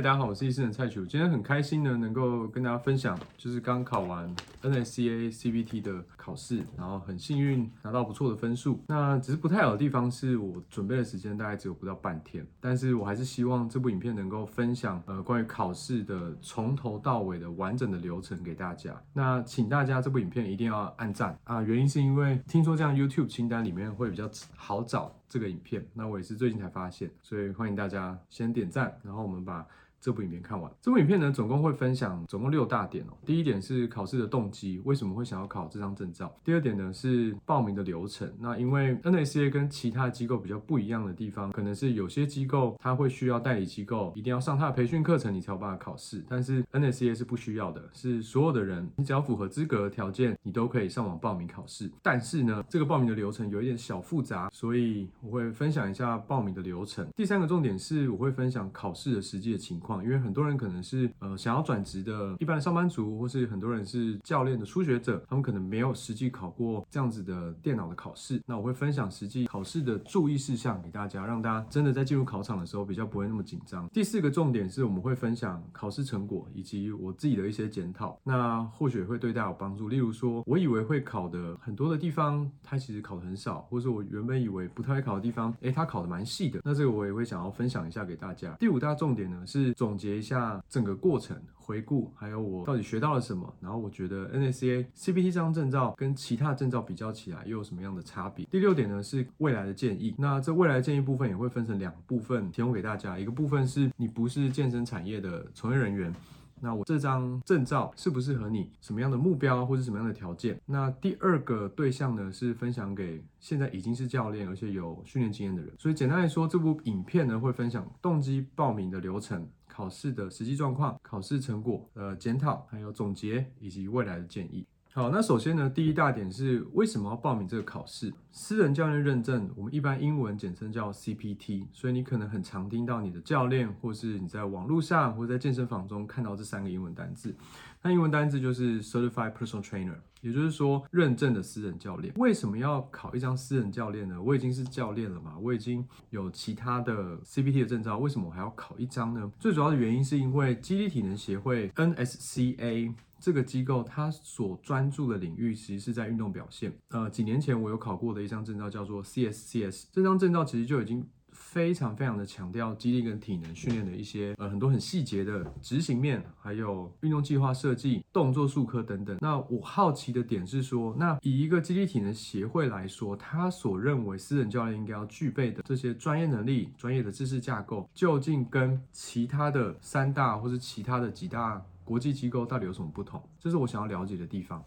大家好，我是醫適能的蔡奇儒，今天很開心呢，能夠跟大家分享，就是剛考完 NSCA CPT 的考試，然後很幸運拿到不錯的分數。那只是不太好的地方是我準備的時間大概只有不到半天，但是我還是希望這部影片能夠分享，呃，關於考試的從頭到尾的完整的流程給大家。那請大家這部影片一定要按讚啊，原因是因為聽說這樣 YouTube 清單裡面會比較好找這個影片，那我也是最近才發現，所以歡迎大家先點讚，然後我們把。這部影片看完，這部影片呢，總共會分享總共六大點哦。第一點是考試的動機，為什麼會想要考這張證照？第二點呢是報名的流程。那因為 NSCA 跟其他機構比較不一樣的地方，可能是有些機構它會需要代理機構，一定要上它的培訓課程，你才有辦法考試。但是 NSCA 是不需要的，是所有的人，你只要符合資格的條件，你都可以上網報名考試。但是呢，這個報名的流程有一點小複雜，所以我會分享一下報名的流程。第三個重點是，我會分享考試的實際的情況。因為很多人可能是呃想要轉職的，一般的上班族，或是很多人是教練的初學者，他們可能沒有實際考過這樣子的電腦的考試。那我會分享實際考試的注意事項給大家，讓大家真的在進入考場的時候比較不會那麼緊張。第四個重點是，我們會分享考試成果以及我自己的一些檢討，那或許也會對大家有幫助。例如說，我以為會考的很多的地方，它其實考的很少，或是我原本以為不太會考的地方，誒，它考的蠻細的。那這個我也會想要分享一下給大家。第五大重點呢是。總結一下整個過程，回顧還有我到底學到了什麼，然後我覺得 NSCA-CPT 這張證照跟其他證照比較起來又有什麼樣的差別？第六點呢是未來的建議。那這未來建議部分也會分成兩部分提供給大家，一個部分是你不是健身產業的從業人員，那我這張證照適不適合你？什麼樣的目標或是什麼樣的條件？那第二個對象呢是分享給現在已經是教練而且有訓練經驗的人。所以簡單來說，這部影片呢會分享動機、報名的流程、考試的實際狀況、考試成果、呃檢討、還有總結以及未來的建議。好，那首先呢，第一大點是為什麼要報名這個考試？私人教練認證，我們一般英文簡稱叫 CPT，所以你可能很常聽到你的教練，或是你在網絡上，或在健身房中看到這三個英文單字。那英文單字就是 Certified Personal Trainer，也就是說認證的私人教練。為什麼要考一張私人教練呢？我已經是教練了嘛，我已經有其他的 CPT 的證照，為什麼我還要考一張呢？最主要的原因是因為肌力體能協會 NSCA。這個機構它所專注的領域，其實是在運動表現。呃，幾年前我有考過的一張證照叫做 CSCS，這張證照其實就已經非常非常的強調肌力跟體能訓練的一些呃很多很細節的執行面，還有運動計劃設計、動作術科等等。那我好奇的點是說，那以一個肌力體能協會來說，它所認為私人教練應該要具備的這些專業能力、專業的知識架構，究竟跟其他的三大或是其他的幾大？國際機構到底有什麼不同？這是我想要了解的地方。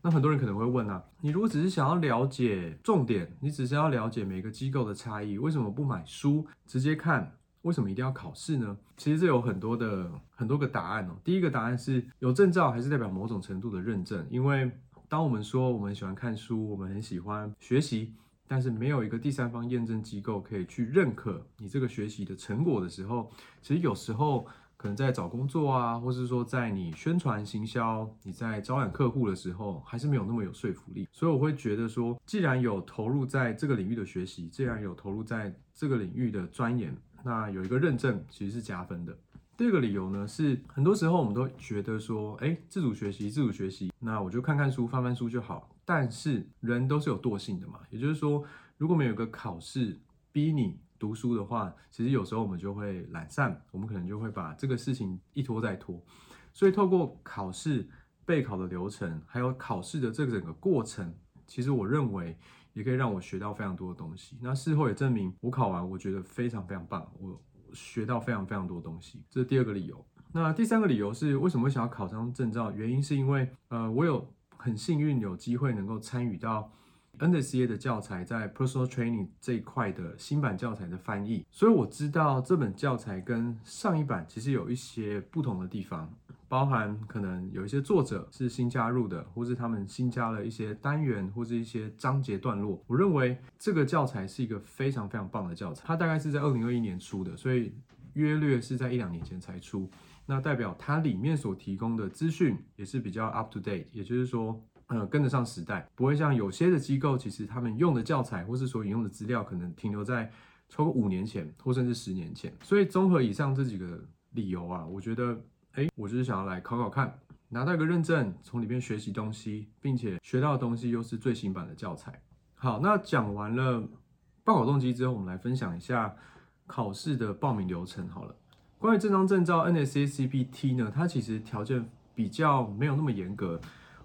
那很多人可能會問啊，你如果只是想要了解重點，你只是要了解每個機構的差異，為什麼不買書直接看？為什麼一定要考試呢？其實這有很多的很多個答案哦。第一個答案是有證照，還是代表某種程度的認證。因為當我們說我們喜歡看書，我們很喜歡學習，但是沒有一個第三方驗證機構可以去認可你這個學習的成果的時候，其實有時候。可能在找工作啊，或是說在你宣傳行銷、你在招攬客戶的時候，還是沒有那麼有說服力。所以我會覺得說，既然有投入在這個領域的學習，既然有投入在這個領域的鑽研，那有一個認證其實是加分的。第二個理由呢，是很多時候我們都覺得說，誒、欸，自主學習，自主學習，那我就看看書、翻翻書就好。但是人都是有惰性的嘛，也就是說，如果沒有一個考試逼你。讀書的話，其實有時候我們就會懶散，我們可能就會把這個事情一拖再拖。所以透過考試備考的流程，還有考試的這整個過程，其實我認為也可以讓我學到非常多的東西。那事後也證明，我考完我覺得非常非常棒，我學到非常非常多東西。這是第二個理由。那第三個理由是，為什麼想要考上證照？原因是因為，呃，我有很幸運有機會能夠參與到。NSCA 的教材在 Personal Training 這一塊的新版教材的翻譯，所以我知道這本教材跟上一版其實有一些不同的地方，包含可能有一些作者是新加入的，或是他們新加了一些單元，或是一些章節段落。我認為這個教材是一個非常非常棒的教材，它大概是在二零二一年出的，所以約略是在一兩年前才出，那代表它裡面所提供的資訊也是比較 up to date，也就是說。呃、嗯，跟得上時代，不會像有些的機構，其實他們用的教材或是所引用的資料，可能停留在超過五年前，或甚至十年前。所以綜合以上這幾個理由啊，我覺得，哎、欸，我就是想要來考考看，拿到一個認證，從裡面學習東西，並且學到的東西又是最新版的教材。好，那講完了報考動機之後，我們來分享一下考試的報名流程。好了，關於這張證照 NSCA-CPT 呢，它其實條件比較沒有那麼嚴格。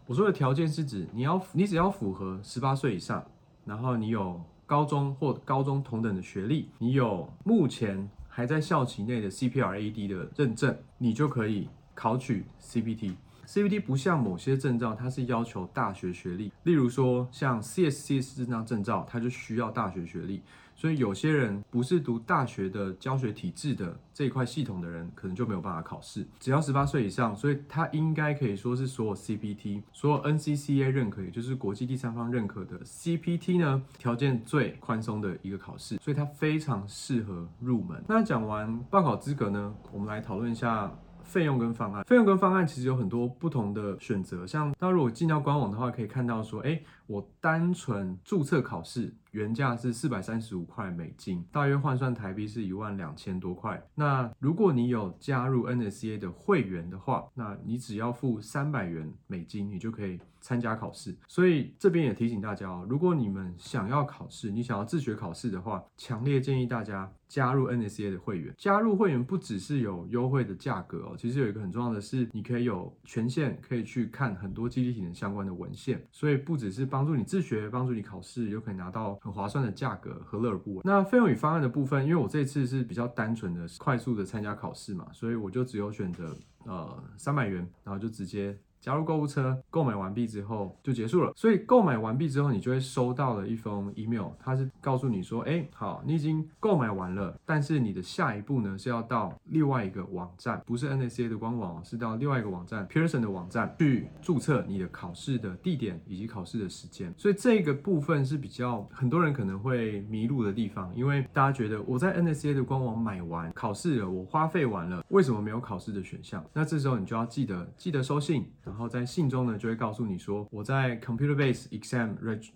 我說的條件是指，你要你只要符合十八歲以上，然後你有高中或高中同等的學歷，你有目前還在校期內的 CPRAD 的認證，你就可以考取 CPT。CPT 不像某些證照，它是要求大學學歷，例如說像 CSCS 這張證照，它就需要大學學歷。所以有些人不是讀大學的教學體制的這一塊系統的人，可能就沒有辦法考試。只要十八歲以上，所以它應該可以說是所有 CPT、所有 NCCA 認可，也就是國際第三方認可的 CPT 呢，條件最寬鬆的一個考試，所以它非常適合入門。那講完報考資格呢，我們來討論一下費用跟方案。費用跟方案其實有很多不同的選擇，像大家如果進到官網的話，可以看到說，哎。我單純註冊考試原價是四百三十五塊美金，大約換算台幣是一萬兩千多塊。那如果你有加入 NSCA 的會員的話，那你只要付三百元美金，你就可以參加考試。所以這邊也提醒大家哦，如果你們想要考試，你想要自學考試的話，強烈建議大家加入 NSCA 的會員。加入會員不只是有優惠的價格哦，其實有一個很重要的是，你可以有權限可以去看很多肌力體能相關的文獻，所以不只是把。幫助你自學，幫助你考試，又可以拿到很划算的價格，何樂而不為？那費用與方案的部分，因為我這次是比較單純的、快速的參加考試嘛，所以我就只有選擇呃三百元，然後就直接。加入購物車，購買完畢之後就結束了。所以購買完畢之後，你就會收到了一封 email，它是告訴你說，哎、欸，好，你已經購買完了。但是你的下一步呢，是要到另外一個網站，不是 NSCA 的官網，是到另外一個網站 Pearson 的網站去註冊你的考試的地點以及考試的時間。所以這個部分是比較很多人可能會迷路的地方，因為大家覺得我在 NSCA 的官網買完考試了，我花費完了，為什麼沒有考試的選項？那這時候你就要記得，記得收信。然後在信中呢，就會告訴你說，我在 Computer Base Exam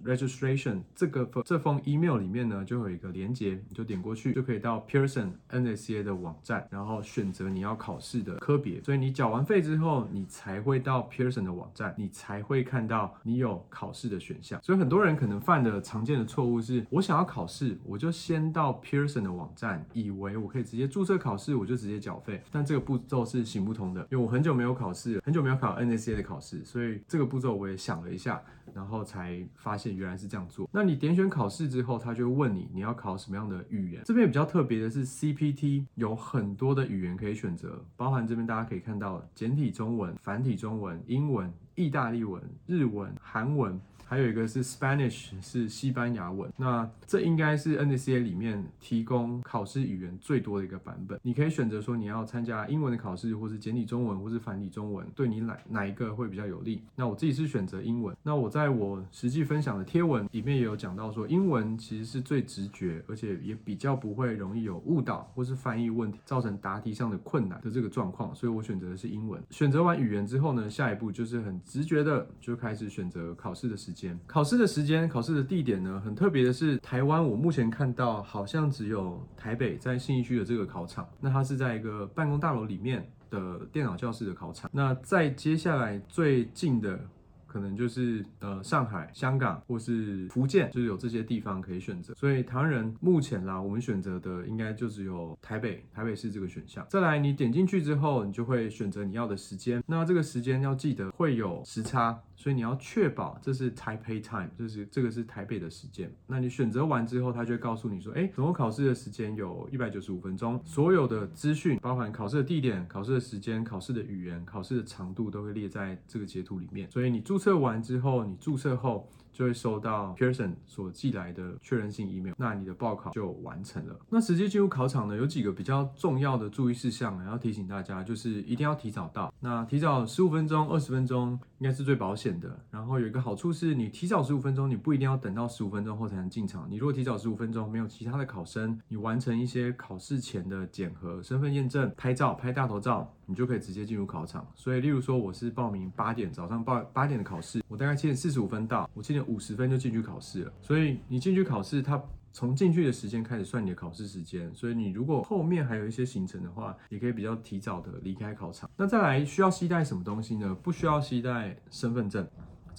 Registration 這個這封 email 裡面呢，就有一個連接，你就點過去，就可以到 Pearson NSCA 的網站，然後選擇你要考試的科別。所以你繳完費之後，你才會到 Pearson 的網站，你才會看到你有考試的選項。所以很多人可能犯的常見的錯誤是，我想要考試，我就先到 Pearson 的網站，以為我可以直接注冊考試，我就直接繳費。但這個步驟是行不通的，因為我很久沒有考試，很久沒有考 NSCA 接着考試，所以這個步驟我也想了一下，然後才發現原來是這樣做。那你點選考試之後，他就會問你你要考什麼樣的語言。這邊比較特別的是，CPT 有很多的語言可以選擇，包含這邊大家可以看到簡體中文、繁體中文、英文、意大利文、日文、韓文。還有一個是 Spanish，是西班牙文。那這應該是 NSCA 裡面提供考試語言最多的一個版本。你可以選擇說你要參加英文的考試，或是簡體中文，或是繁體中文，對你哪哪一個會比較有利？那我自己是選擇英文。那我在我實際分享的貼文裡面也有講到說，英文其實是最直覺，而且也比較不會容易有誤導或是翻譯問題造成答題上的困難的這個狀況。所以我選擇的是英文。選擇完語言之後呢，下一步就是很直覺的就開始選擇考試的時間。考試的時間、考試的地點呢，很特別的是，台灣我目前看到好像只有台北在信義區的這個考場。那它是在一個辦公大樓裡面的電腦教室的考場。那在接下來最近的，可能就是呃上海、香港或是福建，就是有這些地方可以選擇。所以台灣人目前啦，我們選擇的應該就只有台北，台北市這個選項。再來，你點進去之後，你就會選擇你要的時間。那這個時間要記得會有時差。所以你要確保這是 Taipei time，就是這個是台北的時間。那你選擇完之後，他就會告訴你說，哎，總共考試的時間有一百九十五分鐘，所有的資訊，包括考試的地點、考試的時間、考試的語言、考試的長度，都會列在這個截圖裡面。所以你註冊完之後，你註冊後就會收到 Pearson 所寄來的確認信 email，那你的報考就完成了。那實際進入考場呢，有幾個比較重要的注意事項要提醒大家，就是一定要提早到，那提早十五分鐘、二十分鐘。應該是最保險的，然後有一個好處是，你提早十五分鐘，你不一定要等到十五分鐘後才能進場。你如果提早十五分鐘沒有其他的考生，你完成一些考試前的檢核、身份驗證、拍照、拍大頭照，你就可以直接進入考場。所以，例如說我是報名八點早上報八點的考試，我大概七點四十五分到，我七點五十分就進去考試了。所以你進去考試，它從進去的時間開始算你的考試時間，所以你如果後面還有一些行程的話，也可以比較提早的離開考場。那再來需要攜帶什麼東西呢？不需要攜帶身份證。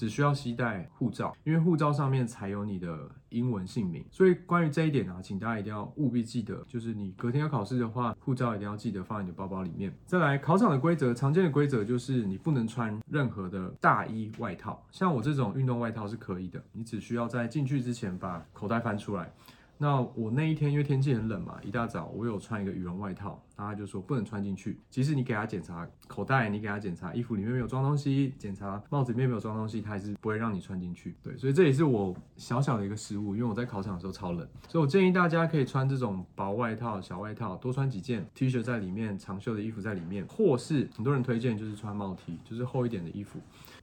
只需要攜帶護照，因為護照上面才有你的英文姓名。所以關於這一點啊，請大家一定要務必記得，就是你隔天要考試的話，護照一定要記得放在你的包包裡面。再來，考場的規則，常見的規則就是你不能穿任何的大衣外套，像我這種運動外套是可以的。你只需要在進去之前把口袋翻出來。那我那一天因為天氣很冷嘛，一大早我有穿一個羽絨外套，大家就說不能穿進去。即使你給他檢查口袋，你給他檢查衣服裡面沒有裝東西，檢查帽子裡面沒有裝東西，他還是不會讓你穿進去。對，所以這也是我小小的一個失誤，因為我在考場的時候超冷，所以我建議大家可以穿這種薄外套、小外套，多穿幾件 T 恤在裡面，長袖的衣服在裡面，或是很多人推薦就是穿帽 T，就是厚一點的衣服。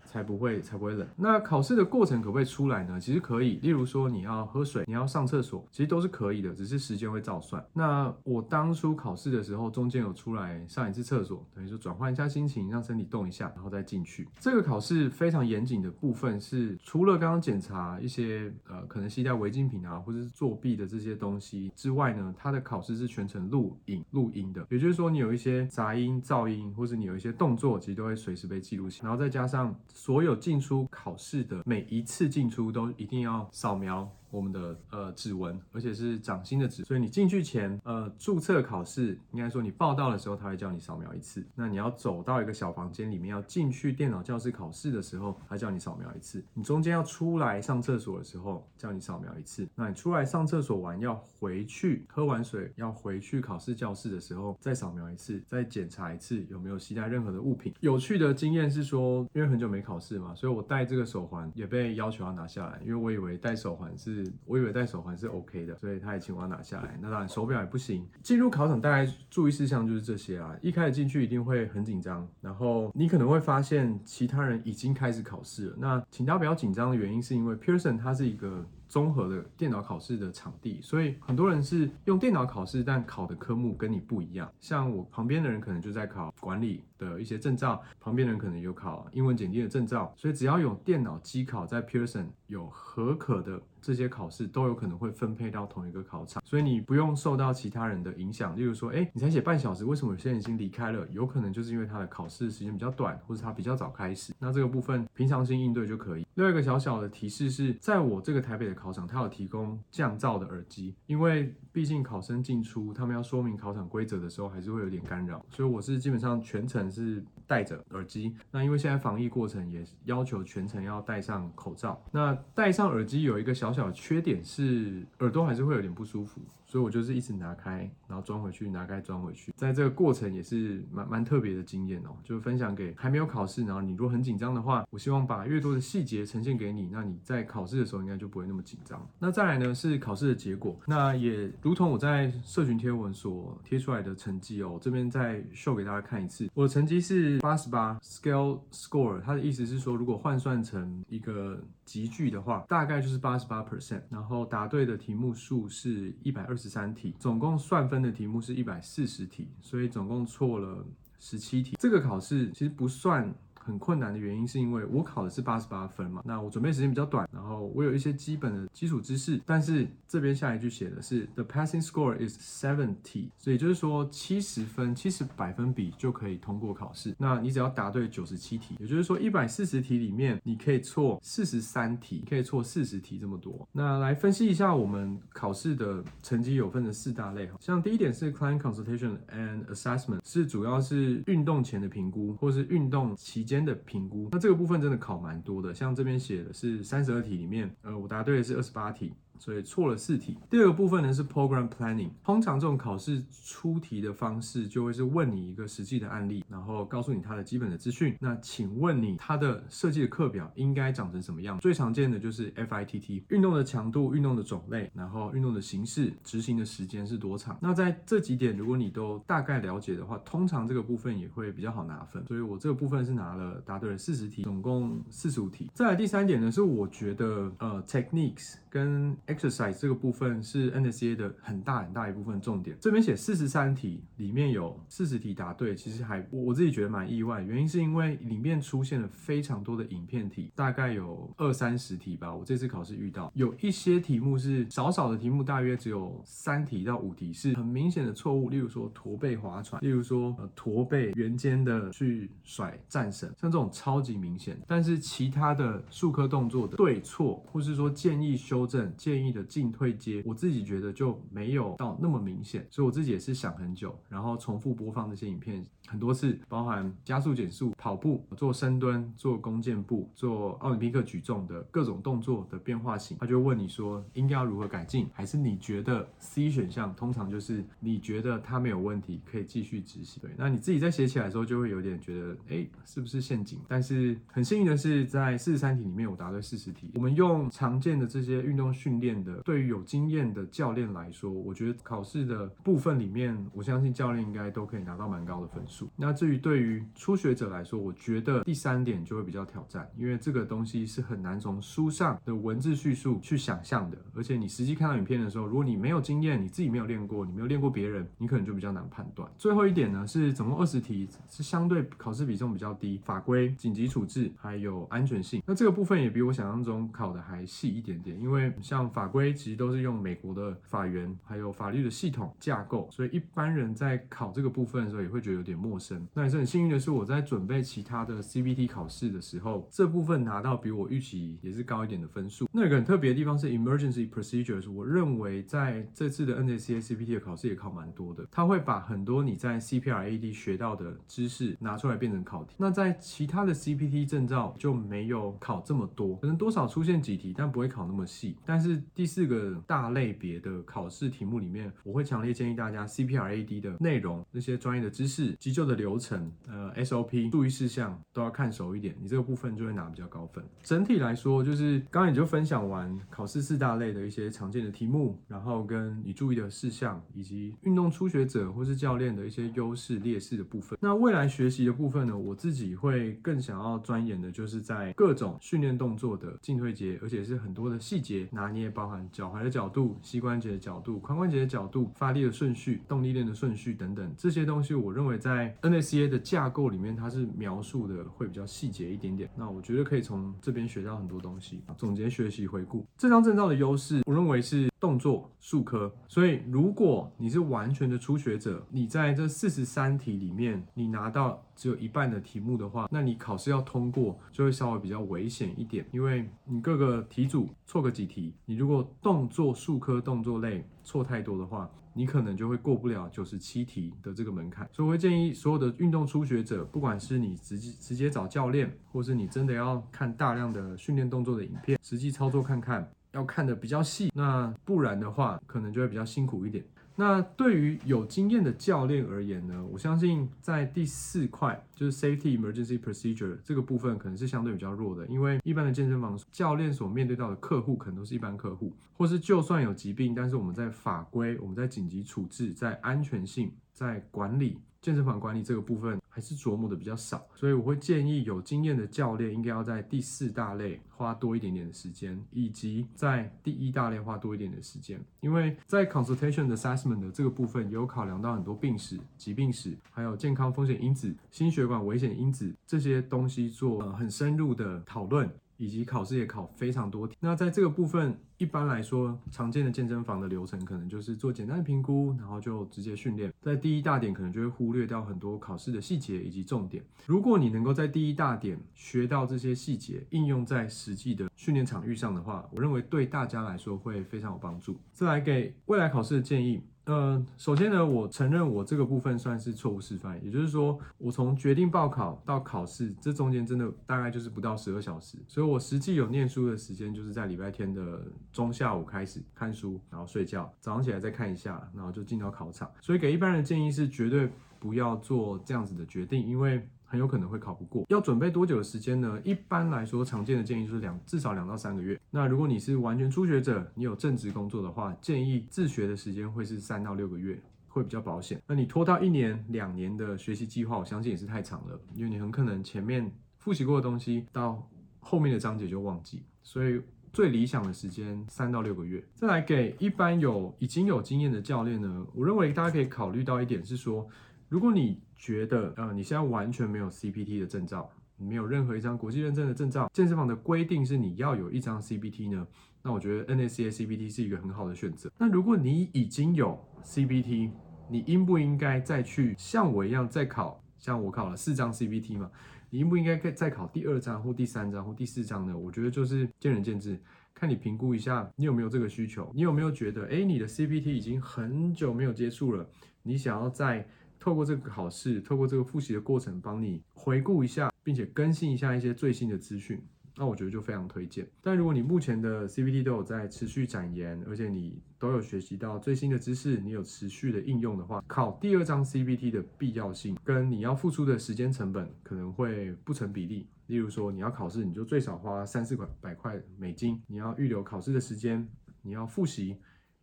才不會，才不會冷。那考試的過程可不可以出來呢？其實可以。例如說，你要喝水，你要上廁所，其實都是可以的，只是時間會照算。那我當初考試的時候，中間有出來上一次廁所，等於說轉換一下心情，讓身體動一下，然後再進去。這個考試非常嚴謹的部分是，除了剛剛檢查一些呃可能攜帶違禁品啊，或者是作弊的這些東西之外呢，它的考試是全程錄影、錄音的。也就是說，你有一些雜音、噪音，或者你有一些動作，其實都會隨時被記錄起，然後再加上。所有進出考試的每一次進出都一定要掃描。我們的呃指紋，而且是掌心的指紋，所以你進去前，呃，註冊考試，應該說你報到的時候，他會叫你掃描一次。那你要走到一個小房間裡面，要進去電腦教室考試的時候，他叫你掃描一次。你中間要出來上廁所的時候，叫你掃描一次。那你出來上廁所完，要回去喝完水，要回去考試教室的時候，再掃描一次，再檢查一次有沒有攜帶任何的物品。有趣的經驗是說，因為很久沒考試嘛，所以我戴這個手環也被要求要拿下來，因為我以為戴手環是。我以為戴手環是 OK 的，所以他也請我要拿下來。那當然手表也不行。進入考場大概注意事項就是這些啊。一開始進去一定會很緊張，然後你可能會發現其他人已經開始考試了。那請大家不要緊張的原因是因為 Pearson 它是一個綜合的電腦考試的場地，所以很多人是用電腦考試，但考的科目跟你不一樣。像我旁邊的人可能就在考管理的一些證照，旁邊人可能有考英文檢定的證照，所以只要有電腦機考在 Pearson 有核可的這些考試，都有可能會分配到同一個考場，所以你不用受到其他人的影響。例如說，哎、欸，你才寫半小時，為什麼有些人已經離開了？有可能就是因為他的考試時間比較短，或者他比較早開始。那這個部分平常心應對就可以。另外一個小小的提示是，在我這個台北的考場，他有提供降噪的耳機，因為畢竟考生進出，他們要說明考場規則的時候，還是會有點干擾，所以我是基本上全程。是。戴着耳機，那因為現在防疫過程也要求全程要戴上口罩。那戴上耳機有一個小小的缺點是耳朵還是會有點不舒服，所以我就是一直拿開，然後裝回去，拿開裝回去。在這個過程也是蠻蠻特別的經驗哦，就分享給還沒有考試，然後你如果很緊張的話，我希望把越多的細節呈現給你，那你在考試的時候應該就不會那麼緊張。那再來呢，是考試的結果，那也如同我在社群貼文所貼出來的成績哦，這邊再 show 給大家看一次，我的成績是。八十八 scale score，它的意思是說，如果換算成一個級距的話，大概就是八十八 percent，然後答對的題目數是一百二十三題，總共算分的題目是一百四十題，所以總共錯了十七題。這個考試其實不算，很困難的原因是因為我考的是八十八分嘛，那我準備時間比較短，然後我有一些基本的基礎知識，但是這邊下一句寫的是 the passing score is seventy，所以就是說七十分，七十百分比就可以通過考試。那你只要答對九十七題，也就是說一百四十題裡面你可以錯四十三題，可以錯四十題這麼多。那來分析一下我們考試的成績有分的四大類，像第一點是 client consultation and assessment，是主要是運動前的評估或是運動期間。的評估，那這個部分真的考蠻多的，像這邊寫的是三十二題裡面，呃，我答對的是二十八題。所以錯了四題。第二個部分呢是 program planning。通常這種考試出題的方式就會是問你一個實際的案例，然後告訴你它的基本的資訊。那請問你它的設計的課表應該長成什麼樣？最常見的就是 FITT 運動的強度、運動的種類，然後運動的形式、執行的時間是多長？那在這幾點，如果你都大概了解的話，通常這個部分也會比較好拿分。所以我這個部分是拿了答對了四十題，總共四十五題。再來第三點呢是我覺得呃 techniques。跟 exercise 這個部分是 NSCA 的很大很大一部分重點。這邊寫四十三題，裡面有四十題答對，其實還，我自己覺得蠻意外。原因是因為裡面出現了非常多的影片題，大概有二三十題吧。我這次考試遇到有一些題目是少少的題目，大約只有三題到五題是很明顯的錯誤，例如說駝背划船，例如說呃駝背圓肩的去甩戰繩，像這種超級明顯。但是其他的術科動作的對錯，或是說建議修。建議的進退階，我自己覺得就沒有到那麼明顯，所以我自己也是想很久，然後重複播放這些影片很多次，包含加速減速、跑步、做深蹲、做弓箭步、做奧林匹克舉重的各種動作的變化型。他就會問你說應該要如何改進，還是你覺得 C 選項通常就是你覺得它沒有問題，可以繼續執行。對，那你自己在寫起來的時候就會有點覺得，哎，是不是陷阱？但是很幸運的是，在四十三題裡面我答對四十題。我們用常見的這些。運動訓練的，對於有經驗的教練來說，我覺得考試的部分裡面，我相信教練應該都可以拿到蠻高的分數。那至於對於初學者來說，我覺得第三點就會比較挑戰，因為這個東西是很難從書上的文字敘述去想象的，而且你實際看到影片的時候，如果你沒有經驗，你自己沒有練過，你沒有練過別人，你可能就比較難判斷。最後一點呢，是總共二十題，是相對考試比重比較低，法規、緊急處置還有安全性。那這個部分也比我想象中考的還細一點點，因為。因為像法規其實都是用美國的法源，還有法律的系統架構，所以一般人在考這個部分的時候也會覺得有點陌生。那也是很幸運的是，我在準備其他的 CPT 考試的時候，這部分拿到比我預期也是高一點的分數。那有個很特別的地方是 Emergency Procedures，我認為在這次的 NSCA-CPT 的考試也考蠻多的，它會把很多你在 CPRAD 學到的知識拿出來變成考題。那在其他的 CPT 證照就沒有考這麼多，可能多少出現幾題，但不會考那麼細。但是第四個大類別的考試題目裡面，我會強烈建議大家 CPRAD 的內容，那些專業的知識、急救的流程，呃 SOP 注意事項都要看熟一點，你這個部分就會拿比較高分。整體來說，就是剛剛也就分享完考試四大類的一些常見的題目，然後跟你注意的事項，以及運動初學者或是教練的一些優勢劣勢的部分。那未來學習的部分呢，我自己會更想要鑽研的，就是在各種訓練動作的進退節，而且是很多的細節拿捏，包含腳踝的角度、膝關節的角度、髖關節的角度、發力的順序、動力鏈的順序等等這些東西。我認為在 NSCA 的架構。裡面它是描述的會比較細節一點點，那我覺得可以從這邊學到很多東西。總結學、學習、回顧這張證照的優勢，我認為是。動作數科，所以如果你是完全的初學者，你在這四十三題裡面，你拿到只有一半的題目的話，那你考試要通過就會稍微比較危險一點，因為你各個題組錯個幾題，你如果動作數科動作類錯太多的話，你可能就會過不了九十七題的這個門檻。所以我會建議所有的運動初學者，不管是你直接直接找教練，或是你真的要看大量的訓練動作的影片，實際操作看看。要看得比較細，那不然的話，可能就會比較辛苦一點。那對於有經驗的教練而言呢，我相信在第四塊就是 safety emergency procedure 這個部分可能是相對比較弱的，因為一般的健身房教練所面對到的客戶可能都是一般客戶，或是就算有疾病，但是我們在法規、我們在緊急處置、在安全性、在管理。健身房管理這個部分還是琢磨的比較少，所以我會建議有經驗的教練應該要在第四大類花多一點點的時間，以及在第一大類花多一點的時間，因為在 consultation assessment 的這個部分，有考量到很多病史、疾病史，還有健康風險因子、心血管危險因子這些東西做、呃、很深入的討論。以及考試也考非常多題。那在這個部分，一般來說，常見的健身房的流程可能就是做簡單的評估，然後就直接訓練。在第一大點，可能就會忽略掉很多考試的細節以及重點。如果你能夠在第一大點學到這些細節，應用在實際的訓練場域上的話，我認為對大家來說會非常有幫助。再來給未來考試的建議。呃，首先呢，我承認我這個部分算是錯誤示範，也就是說，我從決定報考到考試，這中間真的大概就是不到十二小時，所以我實際有念書的時間就是在禮拜天的中下午開始看書，然後睡覺，早上起來再看一下，然後就進到考場。所以給一般人建議是絕對不要做這樣子的決定，因為，很有可能會考不過，要準備多久的時間呢？一般來說，常見的建議就是兩，至少兩到三個月。那如果你是完全初學者，你有正職工作的話，建議自學的時間會是三到六個月，會比較保險。那你拖到一年、兩年的學習計劃，我相信也是太長了，因為你很可能前面複習過的東西，到後面的章節就忘記。所以最理想的時間三到六個月。再來給一般有已經有經驗的教練呢，我認為大家可以考慮到一點是說，如果你。覺得呃，你現在完全沒有 CPT 的證照，你沒有任何一張國際認證的證照。健身房的規定是你要有一張 CPT 呢，那我覺得 NSCA 的 CPT 是一個很好的選擇。那如果你已經有 CPT，你應不應該再去像我一樣再考？像我考了四張 CPT 嘛，你應不應該再再考第二張或第三張或第四張呢？我覺得就是見仁見智，看你評估一下你有沒有這個需求。你有沒有覺得哎，你的 CPT 已經很久沒有接觸了，你想要再？透過這個考試，透過這個複習的過程，幫你回顧一下，並且更新一下一些最新的資訊，那我覺得就非常推薦。但如果你目前的 CPT 都有在持續展延，而且你都有學習到最新的知識，你有持續的應用的話，考第二張 CPT 的必要性跟你要付出的時間成本可能會不成比例。例如說，你要考試，你就最少花三四塊百塊美金，你要預留考試的時間，你要複習。.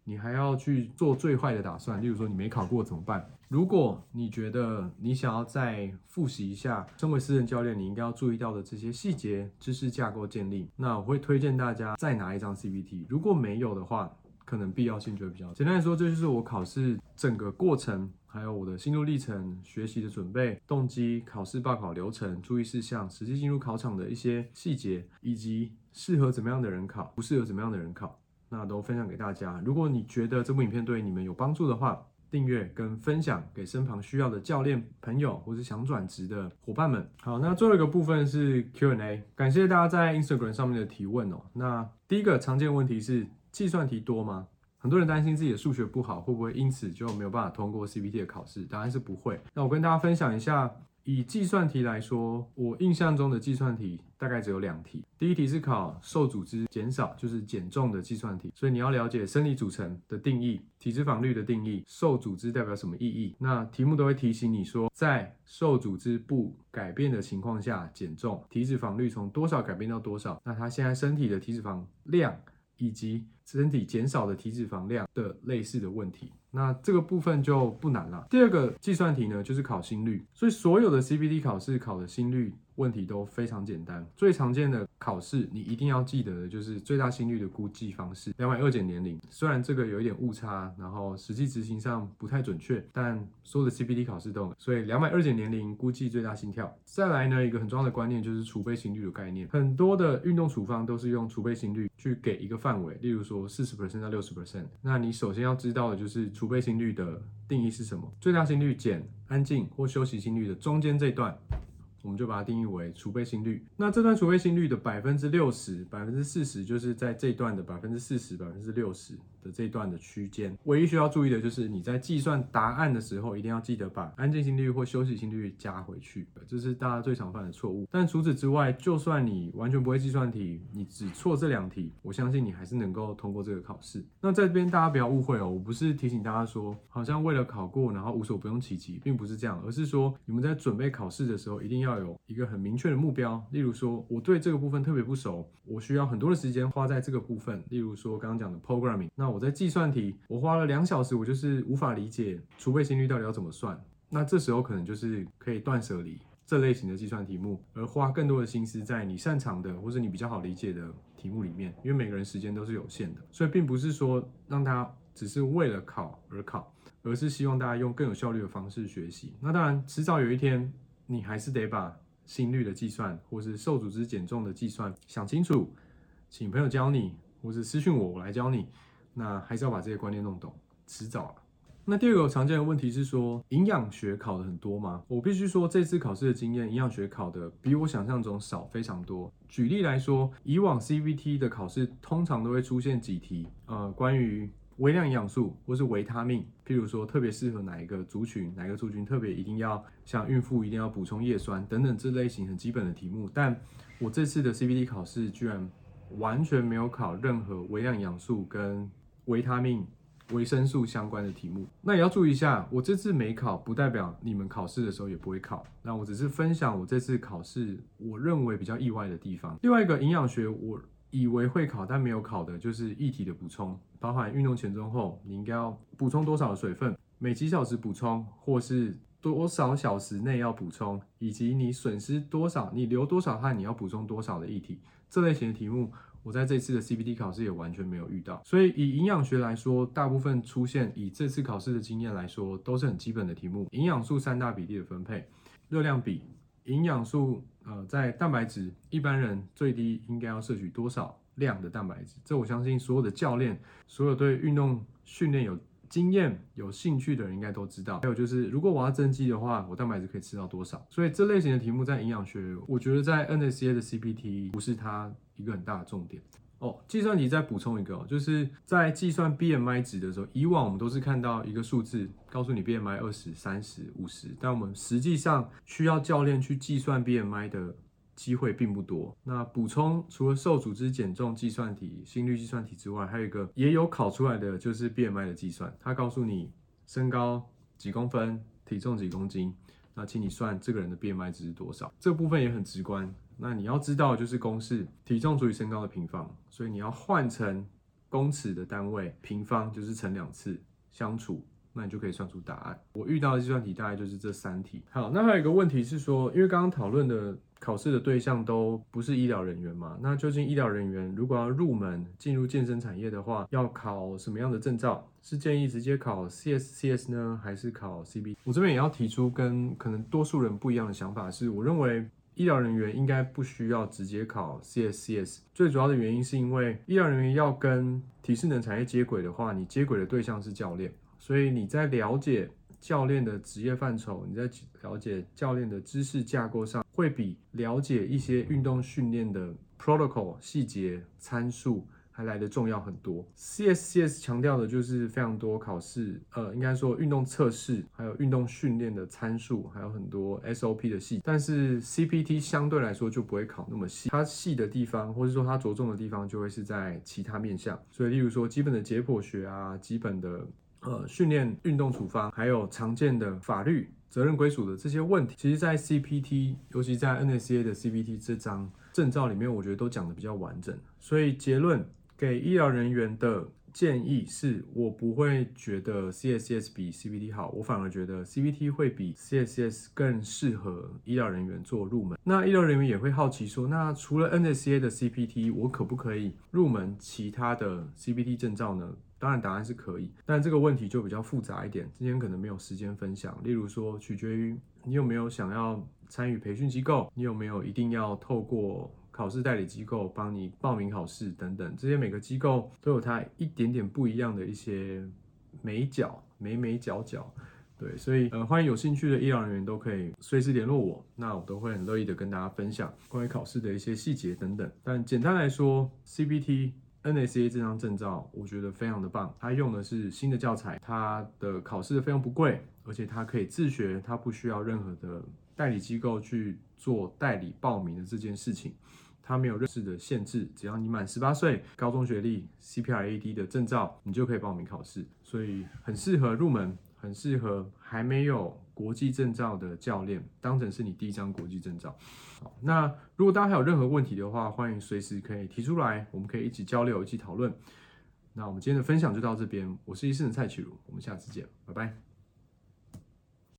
你還要去做最壞的打算，例如說你沒考過怎麼辦？如果你覺得你想要再複習一下，身為私人教練，你應該要注意到的這些細節、知識架構建立，那我會推薦大家再拿一張 CPT。如果沒有的話，可能必要性就會比較大。簡單來說，這就是我考試整個過程，還有我的心路歷程、學習的準備、動機、考試報考流程、注意事項、實際進入考場的一些細節，以及適合怎麼樣的人考，不適合怎麼樣的人考。那都分享給大家。如果你覺得這部影片對你們有幫助的話，訂閱跟分享給身旁需要的教練朋友，或是想轉職的夥伴們。好，那最後一個部分是 Q&A。感謝大家在 Instagram 上面的提問哦。那第一個常見問題是計算題多嗎？很多人擔心自己的數學不好，會不會因此就沒有辦法通過 CPT 的考試？答案是不會。那我跟大家分享一下。以計算題來說，我印象中的計算題大概只有兩題。第一題是考瘦組織減少，就是減重的計算題，所以你要了解生理組成的定義、體脂肪率的定義、瘦組織代表什麼意義。那題目都會提醒你說，在瘦組織不改變的情況下，減重體脂肪率從多少改變到多少，那他現在身體的體脂肪量以及身體減少的體脂肪量的類似的問題。那這個部分就不難了。第二個計算題呢，就是考心率，所以所有的 CPT 考試考的心率問題都非常簡單。最常見的考試，你一定要記得的就是最大心率的估計方式：兩百二減年齡。雖然這個有一點誤差，然後實際執行上不太準確，但所有的 CPT 考試都。所以兩百二減年齡估計最大心跳。再來呢，一個很重要的觀念就是儲備心率的概念。很多的運動處方都是用儲備心率去給一個範圍，例如說四十 percent 到六十 percent。那你首先要知道的就是。儲備心率的定義是什麼？最大心率減安靜或休息心率的中間這段，我們就把它定義為儲備心率。那這段儲備心率的百分之六十、百分之四十，就是在這段的百分之四十、百分之六十。的這一段的區間，唯一需要注意的就是你在計算答案的時候，一定要記得把安靜心率或休息心率加回去，這是大家最常犯的錯誤。但除此之外，就算你完全不會計算題，你只錯這兩題，我相信你還是能夠通過這個考試。那在這邊大家不要誤會哦，我不是提醒大家說，好像為了考過，然後無所不用其極，並不是這樣，而是說你們在準備考試的時候，一定要有一個很明確的目標，例如說我對這個部分特別不熟，我需要很多的時間花在這個部分，例如說剛剛講的 programming，那我。我在計算題，我花了兩小時，我就是無法理解儲備心率到底要怎麼算。那這時候可能就是可以斷捨離這類型的計算題目，而花更多的心思在你擅長的或者你比較好理解的題目裡面。因為每個人時間都是有限的，所以並不是說讓他只是為了考而考，而是希望大家用更有效率的方式學習。那當然，遲早有一天你還是得把心率的計算，或是瘦組織減重的計算想清楚，請朋友教你，或是私訊我，我來教你。那還是要把這些觀念弄懂，遲早啊。那第二個常見的問題是說，營養學考得很多嗎？我必須說，這次考試的經驗，營養學考得比我想象中少非常多。舉例來說，以往 CPT 的考試通常都會出現幾題，呃，關於微量營養素或是維他命，譬如說特別適合哪一個族群，哪個族群特別一定要，像孕婦一定要補充葉酸等等這類型很基本的題目。但我這次的 CPT 考試居然完全沒有考任何微量營養素跟維他命、維生素相關的題目，那也要注意一下。我這次沒考，不代表你們考試的時候也不會考。那我只是分享我這次考試我認為比較意外的地方。另外一個營養學，我以為會考但沒有考的就是液體的補充，包含運動前、中、後，你應該要補充多少的水分，每幾小時補充，或是多少小時內要補充，以及你損失多少，你流多少汗，你要補充多少的液體，這類型的題目。我在這次的 CPT 考試也完全沒有遇到，所以以營養學來說，大部分出現以這次考試的經驗來說，都是很基本的題目。營養素三大比例的分配，熱量比，營養素呃在蛋白質，一般人最低應該要攝取多少量的蛋白質？這我相信所有的教練，所有對運動訓練有經驗、有興趣的人應該都知道。還有就是，如果我要增肌的話，我蛋白質可以吃到多少？所以這類型的題目在營養學，我覺得在 NSCA 的 CPT 不是它。一個很大的重點哦，計算題再補充一個哦，就是在計算 BMI 值的時候，以往我們都是看到一個數字告訴你 BMI 二十三十五十，但我們實際上需要教練去計算 BMI 的機會並不多。那補充除了瘦組織減重計算題、心率計算題之外，還有一個也有考出來的就是 BMI 的計算，它告訴你身高幾公分，體重幾公斤，那請你算這個人的 BMI 值是多少，這個部分也很直觀。那你要知道就是公式，體重除以身高的平方，所以你要換成公尺的單位，平方就是乘兩次相除，那你就可以算出答案。我遇到的計算題大概就是這三題。好，那還有一個問題是說，因為剛剛討論的考試的對象都不是醫療人員嘛，那究竟醫療人員如果要入門進入健身產業的話，要考什麼樣的證照？是建議直接考 CSCS 呢，還是考 CPT？我這邊也要提出跟可能多數人不一樣的想法是，是我認為。醫療人員應該不需要直接考 CSCS，最主要的原因是因為醫療人員要跟體適能產業接軌的話，你接軌的對象是教練，所以你在了解教練的職業範疇，你在了解教練的知識架構上，會比了解一些運動訓練的 protocol 細節參數。參數還來得重要很多，CSCS 強調的就是非常多考試，呃，應該說運動測試，還有運動訓練的參數，還有很多 SOP 的細節，但是 CPT 相對來說就不會考那麼細，它細的地方，或者說它着重的地方，就會是在其他面向。所以，例如說基本的解剖學啊，基本的呃訓練運動處方，還有常見的法律責任歸屬的這些問題，其實在 CPT，尤其在 NSCA 的 CPT 這張證照裡面，我覺得都講得比較完整。所以結論。給醫療人員的建議是，我不會覺得 CSCS 比 CPT 好，我反而覺得 CPT 會比 CSCS 更適合醫療人員做入門。那醫療人員也會好奇說，那除了 NSCA 的 CPT，我可不可以入門其他的 CPT 證照呢？當然答案是可以，但這個問題就比較複雜一點，今天可能沒有時間分享。例如說，取決於你有沒有想要參與培訓機構，你有沒有一定要透過，考試代理機構幫你報名考試等等，這些每個機構都有它一點點不一樣的一些眉角眉眉角角，對，所以呃，歡迎有興趣的醫療人員都可以隨時聯絡我，那我都會很樂意的跟大家分享關於考試的一些細節等等。但簡單來說，CPT NSCA 這張證照，我覺得非常的棒。它用的是新的教材，它的考試的費用不貴，而且它可以自學，它不需要任何的代理機構去做代理報名的這件事情。它沒有認識的限制，只要你滿十八歲、高中學歷、CPR/AED 的證照，你就可以報名考試。所以很適合入門，很適合還沒有國際證照的教練當成是你第一張國際證照。好，那如果大家還有任何問題的話，歡迎隨時可以提出來，我們可以一起交流、一起討論。那我們今天的分享就到這邊，我是醫適能的蔡奇儒，我們下次見，拜拜。